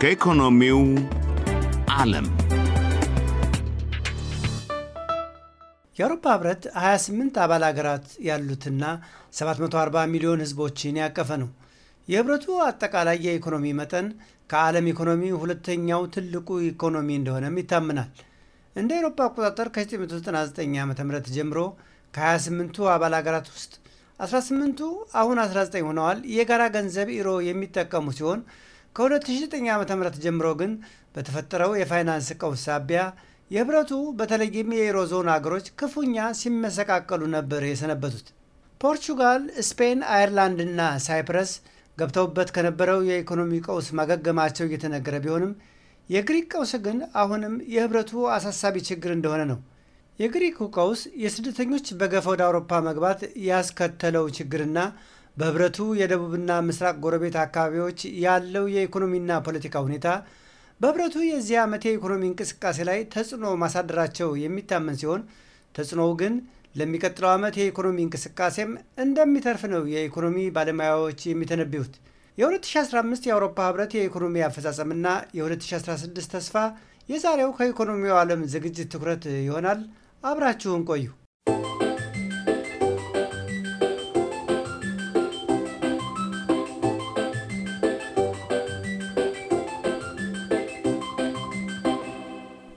ከኢኮኖሚው ዓለም የአውሮፓ ህብረት 28 አባል ሀገራት ያሉትና 740 ሚሊዮን ህዝቦችን ያቀፈ ነው። የህብረቱ አጠቃላይ የኢኮኖሚ መጠን ከዓለም ኢኮኖሚ ሁለተኛው ትልቁ ኢኮኖሚ እንደሆነም ይታምናል። እንደ አውሮፓ አቆጣጠር ከ999 ዓ ም ጀምሮ ከ28ቱ አባል ሀገራት ውስጥ 18 ስምንቱ አሁን 19 ሆነዋል። የጋራ ገንዘብ ኢሮ የሚጠቀሙ ሲሆን ከ2009 ዓ ም ጀምሮ ግን በተፈጠረው የፋይናንስ ቀውስ ሳቢያ የህብረቱ በተለይም የኢሮ ዞን አገሮች ክፉኛ ሲመሰቃቀሉ ነበር የሰነበቱት። ፖርቹጋል፣ ስፔን፣ አየርላንድና ሳይፕረስ ገብተውበት ከነበረው የኢኮኖሚ ቀውስ ማገገማቸው እየተነገረ ቢሆንም የግሪክ ቀውስ ግን አሁንም የህብረቱ አሳሳቢ ችግር እንደሆነ ነው የግሪክ ቀውስ የስደተኞች በገፈ ወደ አውሮፓ መግባት ያስከተለው ችግርና በህብረቱ የደቡብና ምስራቅ ጎረቤት አካባቢዎች ያለው የኢኮኖሚና ፖለቲካ ሁኔታ በህብረቱ የዚህ ዓመት የኢኮኖሚ እንቅስቃሴ ላይ ተጽዕኖ ማሳደራቸው የሚታመን ሲሆን ተጽዕኖው ግን ለሚቀጥለው ዓመት የኢኮኖሚ እንቅስቃሴም እንደሚተርፍ ነው የኢኮኖሚ ባለሙያዎች የሚተነብዩት። የ2015 የአውሮፓ ህብረት የኢኮኖሚ አፈጻጸምና የ2016 ተስፋ የዛሬው ከኢኮኖሚው ዓለም ዝግጅት ትኩረት ይሆናል። አብራችሁን ቆዩ።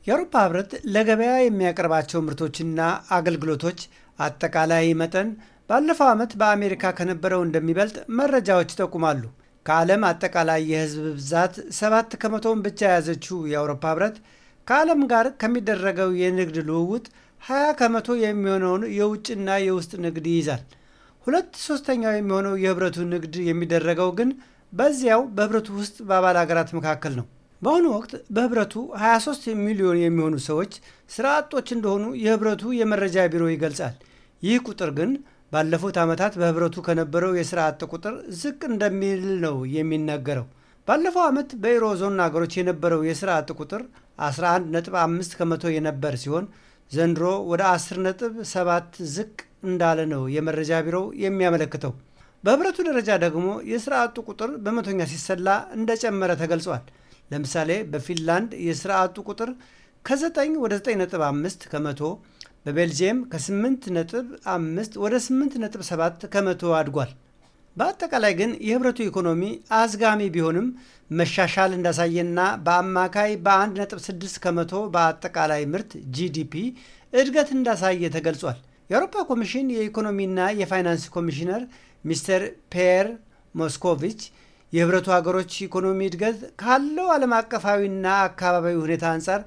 የአውሮፓ ህብረት ለገበያ የሚያቀርባቸው ምርቶችና አገልግሎቶች አጠቃላይ መጠን ባለፈው ዓመት በአሜሪካ ከነበረው እንደሚበልጥ መረጃዎች ይጠቁማሉ። ከዓለም አጠቃላይ የህዝብ ብዛት ሰባት ከመቶውን ብቻ የያዘችው የአውሮፓ ህብረት ከዓለም ጋር ከሚደረገው የንግድ ልውውጥ 20 ከመቶ የሚሆነውን የውጭና የውስጥ ንግድ ይይዛል። ሁለት ሶስተኛው የሚሆነው የህብረቱ ንግድ የሚደረገው ግን በዚያው በህብረቱ ውስጥ በአባል ሀገራት መካከል ነው። በአሁኑ ወቅት በህብረቱ 23 ሚሊዮን የሚሆኑ ሰዎች ስራ አጦች እንደሆኑ የህብረቱ የመረጃ ቢሮ ይገልጻል። ይህ ቁጥር ግን ባለፉት ዓመታት በህብረቱ ከነበረው የስራ አጥ ቁጥር ዝቅ እንደሚል ነው የሚነገረው። ባለፈው ዓመት በኢሮዞን ሀገሮች የነበረው የስራ አጥ ቁጥር 11.5 ከመቶ የነበር ሲሆን ዘንድሮ ወደ 10 ነጥብ 7 ዝቅ እንዳለ ነው የመረጃ ቢሮው የሚያመለክተው። በህብረቱ ደረጃ ደግሞ የስራ አጡ ቁጥር በመቶኛ ሲሰላ እንደጨመረ ተገልጿል። ለምሳሌ በፊንላንድ የስራ አጡ ቁጥር ከ9 ወደ 9.5 ከመቶ፣ በቤልጅየም ከ8.5 ወደ 8.7 ከመቶ አድጓል። በአጠቃላይ ግን የህብረቱ ኢኮኖሚ አዝጋሚ ቢሆንም መሻሻል እንዳሳየና በአማካይ በ1.6 ከመቶ በአጠቃላይ ምርት ጂዲፒ እድገት እንዳሳየ ተገልጿል። የአውሮፓ ኮሚሽን የኢኮኖሚና የፋይናንስ ኮሚሽነር ሚስተር ፔየር ሞስኮቪች የህብረቱ ሀገሮች ኢኮኖሚ እድገት ካለው ዓለም አቀፋዊና አካባቢዊ ሁኔታ አንጻር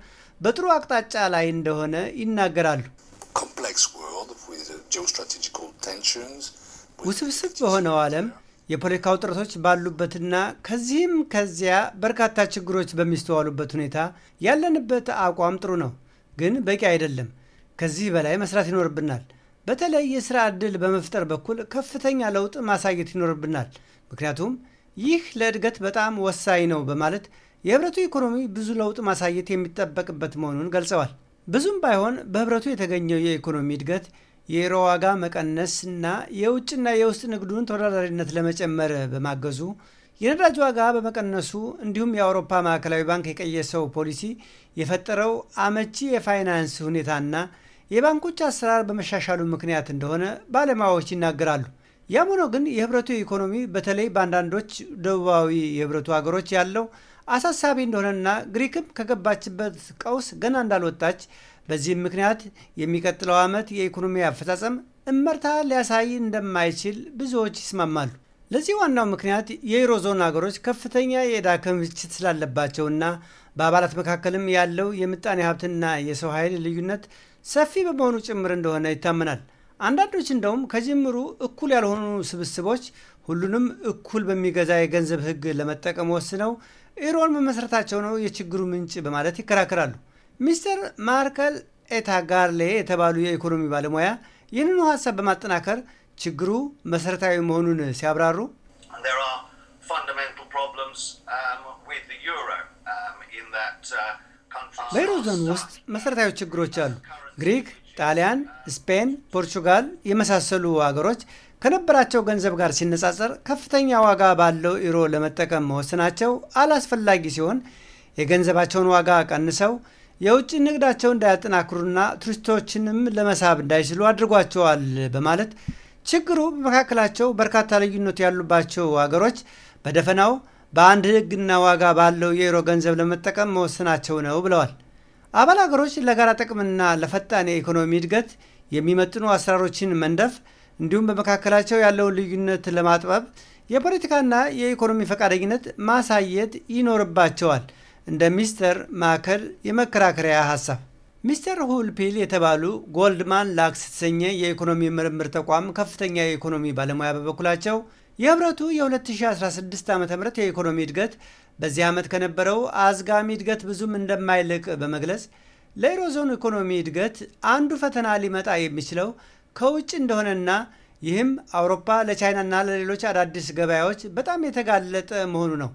በጥሩ አቅጣጫ ላይ እንደሆነ ይናገራሉ። ውስብስብ በሆነው ዓለም የፖለቲካ ውጥረቶች ባሉበትና ከዚህም ከዚያ በርካታ ችግሮች በሚስተዋሉበት ሁኔታ ያለንበት አቋም ጥሩ ነው፣ ግን በቂ አይደለም። ከዚህ በላይ መስራት ይኖርብናል። በተለይ የስራ ዕድል በመፍጠር በኩል ከፍተኛ ለውጥ ማሳየት ይኖርብናል። ምክንያቱም ይህ ለእድገት በጣም ወሳኝ ነው በማለት የህብረቱ ኢኮኖሚ ብዙ ለውጥ ማሳየት የሚጠበቅበት መሆኑን ገልጸዋል። ብዙም ባይሆን በህብረቱ የተገኘው የኢኮኖሚ እድገት የዩሮ ዋጋ መቀነስና የውጭና የውስጥ ንግዱን ተወዳዳሪነት ለመጨመር በማገዙ የነዳጅ ዋጋ በመቀነሱ እንዲሁም የአውሮፓ ማዕከላዊ ባንክ የቀየሰው ፖሊሲ የፈጠረው አመቺ የፋይናንስ ሁኔታና የባንኮች አሰራር በመሻሻሉ ምክንያት እንደሆነ ባለሙያዎች ይናገራሉ። ያም ሆኖ ግን የህብረቱ ኢኮኖሚ በተለይ በአንዳንዶች ደቡባዊ የህብረቱ ሀገሮች ያለው አሳሳቢ እንደሆነና ግሪክም ከገባችበት ቀውስ ገና እንዳልወጣች በዚህም ምክንያት የሚቀጥለው ዓመት የኢኮኖሚ አፈጻጸም እመርታ ሊያሳይ እንደማይችል ብዙዎች ይስማማሉ። ለዚህ ዋናው ምክንያት የዩሮ ዞን ሀገሮች ከፍተኛ የዕዳ ክምችት ስላለባቸውና በአባላት መካከልም ያለው የምጣኔ ሀብትና የሰው ኃይል ልዩነት ሰፊ በመሆኑ ጭምር እንደሆነ ይታመናል። አንዳንዶች እንደውም ከጅምሩ እኩል ያልሆኑ ስብስቦች ሁሉንም እኩል በሚገዛ የገንዘብ ሕግ ለመጠቀም ወስነው ዩሮን መመስረታቸው ነው የችግሩ ምንጭ በማለት ይከራከራሉ። ሚስተር ማርከል ኤታ ጋርሌ የተባሉ የኢኮኖሚ ባለሙያ ይህንኑ ሀሳብ በማጠናከር ችግሩ መሰረታዊ መሆኑን ሲያብራሩ um, um, uh, በዩሮ ዞን ውስጥ መሰረታዊ ችግሮች አሉ። ግሪክ፣ ጣሊያን፣ ስፔን፣ ፖርቹጋል የመሳሰሉ ሀገሮች ከነበራቸው ገንዘብ ጋር ሲነጻጸር ከፍተኛ ዋጋ ባለው ዩሮ ለመጠቀም መወሰናቸው አላስፈላጊ ሲሆን የገንዘባቸውን ዋጋ ቀንሰው የውጭ ንግዳቸውን እንዳያጠናክሩና ቱሪስቶችንም ለመሳብ እንዳይችሉ አድርጓቸዋል በማለት ችግሩ በመካከላቸው በርካታ ልዩነት ያሉባቸው አገሮች በደፈናው በአንድ ሕግና ዋጋ ባለው የዩሮ ገንዘብ ለመጠቀም መወሰናቸው ነው ብለዋል። አባል አገሮች ለጋራ ጥቅምና ለፈጣን የኢኮኖሚ እድገት የሚመጥኑ አሰራሮችን መንደፍ እንዲሁም በመካከላቸው ያለውን ልዩነት ለማጥበብ የፖለቲካና የኢኮኖሚ ፈቃደኝነት ማሳየት ይኖርባቸዋል። እንደ ሚስተር ማከል የመከራከሪያ ሀሳብ ሚስተር ሁልፒል የተባሉ ጎልድማን ላክስ የተሰኘ የኢኮኖሚ ምርምር ተቋም ከፍተኛ የኢኮኖሚ ባለሙያ በበኩላቸው የህብረቱ የ2016 ዓ ም የኢኮኖሚ እድገት በዚህ ዓመት ከነበረው አዝጋሚ እድገት ብዙም እንደማይልቅ በመግለጽ ለኢሮዞን ኢኮኖሚ እድገት አንዱ ፈተና ሊመጣ የሚችለው ከውጭ እንደሆነና ይህም አውሮፓ ለቻይናና ለሌሎች አዳዲስ ገበያዎች በጣም የተጋለጠ መሆኑ ነው።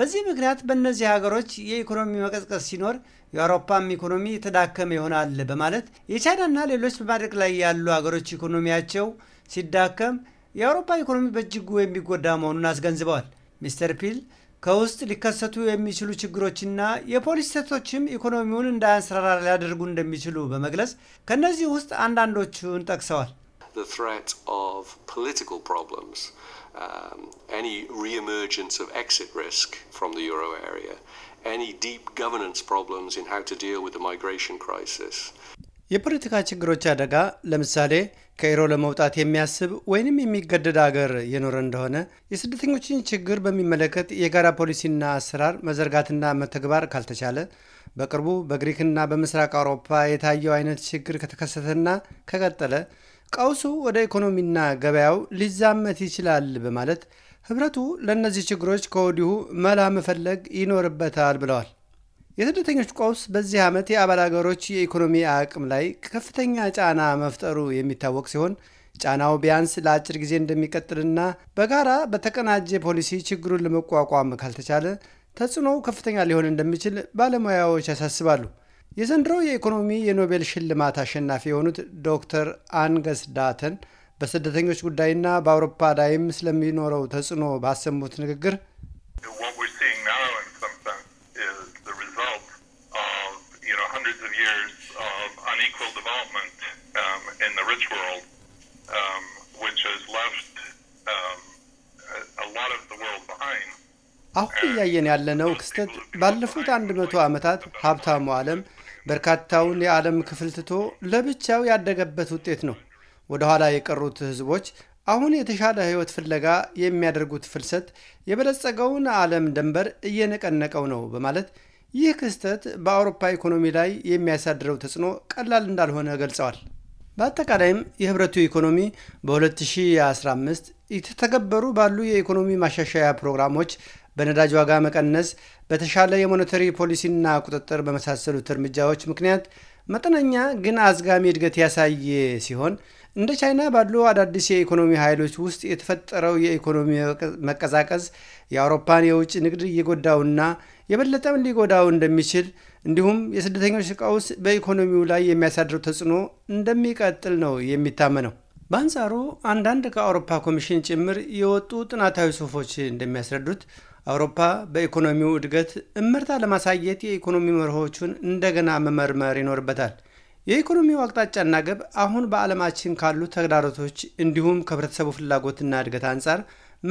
በዚህ ምክንያት በእነዚህ ሀገሮች የኢኮኖሚ መቀዝቀዝ ሲኖር የአውሮፓም ኢኮኖሚ የተዳከመ ይሆናል በማለት የቻይናና ሌሎች በማደግ ላይ ያሉ ሀገሮች ኢኮኖሚያቸው ሲዳከም የአውሮፓ ኢኮኖሚ በእጅጉ የሚጎዳ መሆኑን አስገንዝበዋል። ሚስተር ፒል ከውስጥ ሊከሰቱ የሚችሉ ችግሮችና የፖሊሲ ስህተቶችም ኢኮኖሚውን እንዳያንሰራራ ሊያደርጉ እንደሚችሉ በመግለጽ ከእነዚህ ውስጥ አንዳንዶቹን ጠቅሰዋል። the threat of political problems, um, any re-emergence of exit risk from the euro area, any deep governance problems in how to deal with the migration crisis. የፖለቲካ ችግሮች አደጋ ለምሳሌ ከኢሮ ለመውጣት የሚያስብ ወይንም የሚገደድ አገር የኖረ እንደሆነ የስደተኞችን ችግር በሚመለከት የጋራ ፖሊሲና አሰራር መዘርጋትና መተግባር ካልተቻለ በቅርቡ በግሪክና በምስራቅ አውሮፓ የታየው አይነት ችግር ከተከሰተና ከቀጠለ ቀውሱ ወደ ኢኮኖሚና ገበያው ሊዛመት ይችላል በማለት ህብረቱ ለእነዚህ ችግሮች ከወዲሁ መላ መፈለግ ይኖርበታል ብለዋል። የስደተኞች ቀውስ በዚህ ዓመት የአባል አገሮች የኢኮኖሚ አቅም ላይ ከፍተኛ ጫና መፍጠሩ የሚታወቅ ሲሆን ጫናው ቢያንስ ለአጭር ጊዜ እንደሚቀጥልና በጋራ በተቀናጀ ፖሊሲ ችግሩን ለመቋቋም ካልተቻለ ተጽዕኖው ከፍተኛ ሊሆን እንደሚችል ባለሙያዎች ያሳስባሉ። የዘንድሮው የኢኮኖሚ የኖቤል ሽልማት አሸናፊ የሆኑት ዶክተር አንገስ ዳተን በስደተኞች ጉዳይና በአውሮፓ ላይም ስለሚኖረው ተጽዕኖ ባሰሙት ንግግር አሁን እያየን ያለነው ክስተት ባለፉት አንድ መቶ ዓመታት ሀብታሙ ዓለም በርካታውን የዓለም ክፍል ትቶ ለብቻው ያደገበት ውጤት ነው። ወደ ኋላ የቀሩት ህዝቦች አሁን የተሻለ ህይወት ፍለጋ የሚያደርጉት ፍልሰት የበለጸገውን ዓለም ደንበር እየነቀነቀው ነው በማለት ይህ ክስተት በአውሮፓ ኢኮኖሚ ላይ የሚያሳድረው ተጽዕኖ ቀላል እንዳልሆነ ገልጸዋል። በአጠቃላይም የህብረቱ ኢኮኖሚ በ2015 የተተገበሩ ባሉ የኢኮኖሚ ማሻሻያ ፕሮግራሞች በነዳጅ ዋጋ መቀነስ በተሻለ የሞኔተሪ ፖሊሲና ቁጥጥር በመሳሰሉት እርምጃዎች ምክንያት መጠነኛ ግን አዝጋሚ እድገት ያሳየ ሲሆን እንደ ቻይና ባሉ አዳዲስ የኢኮኖሚ ኃይሎች ውስጥ የተፈጠረው የኢኮኖሚ መቀዛቀዝ የአውሮፓን የውጭ ንግድ እየጎዳውና የበለጠም ሊጎዳው እንደሚችል እንዲሁም የስደተኞች ቀውስ በኢኮኖሚው ላይ የሚያሳድረው ተጽዕኖ እንደሚቀጥል ነው የሚታመነው። በአንጻሩ አንዳንድ ከአውሮፓ ኮሚሽን ጭምር የወጡ ጥናታዊ ጽሁፎች እንደሚያስረዱት አውሮፓ በኢኮኖሚው እድገት እመርታ ለማሳየት የኢኮኖሚ መርሆቹን እንደገና መመርመር ይኖርበታል። የኢኮኖሚው አቅጣጫና ገብ አሁን በዓለማችን ካሉ ተግዳሮቶች እንዲሁም ከህብረተሰቡ ፍላጎትና እድገት አንጻር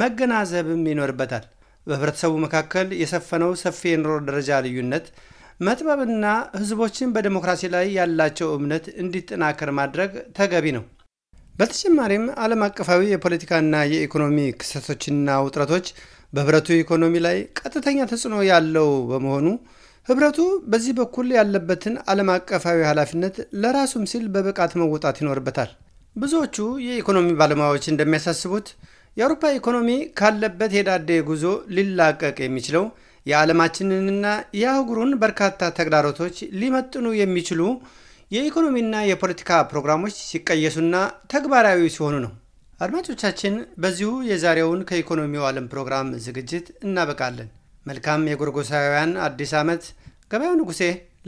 መገናዘብም ይኖርበታል። በህብረተሰቡ መካከል የሰፈነው ሰፊ የኑሮ ደረጃ ልዩነት መጥበብና ህዝቦችን በዲሞክራሲ ላይ ያላቸው እምነት እንዲጠናከር ማድረግ ተገቢ ነው። በተጨማሪም ዓለም አቀፋዊ የፖለቲካና የኢኮኖሚ ክስተቶችና ውጥረቶች በህብረቱ ኢኮኖሚ ላይ ቀጥተኛ ተጽዕኖ ያለው በመሆኑ ህብረቱ በዚህ በኩል ያለበትን ዓለም አቀፋዊ ኃላፊነት ለራሱም ሲል በብቃት መወጣት ይኖርበታል። ብዙዎቹ የኢኮኖሚ ባለሙያዎች እንደሚያሳስቡት የአውሮፓ ኢኮኖሚ ካለበት የዳዴ ጉዞ ሊላቀቅ የሚችለው የዓለማችንንና የአህጉሩን በርካታ ተግዳሮቶች ሊመጥኑ የሚችሉ የኢኮኖሚና የፖለቲካ ፕሮግራሞች ሲቀየሱና ተግባራዊ ሲሆኑ ነው። አድማጮቻችን፣ በዚሁ የዛሬውን ከኢኮኖሚው ዓለም ፕሮግራም ዝግጅት እናበቃለን። መልካም የጎርጎሳውያን አዲስ ዓመት። ገበያው ንጉሴ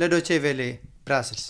ለዶቼ ቬሌ ብራስልስ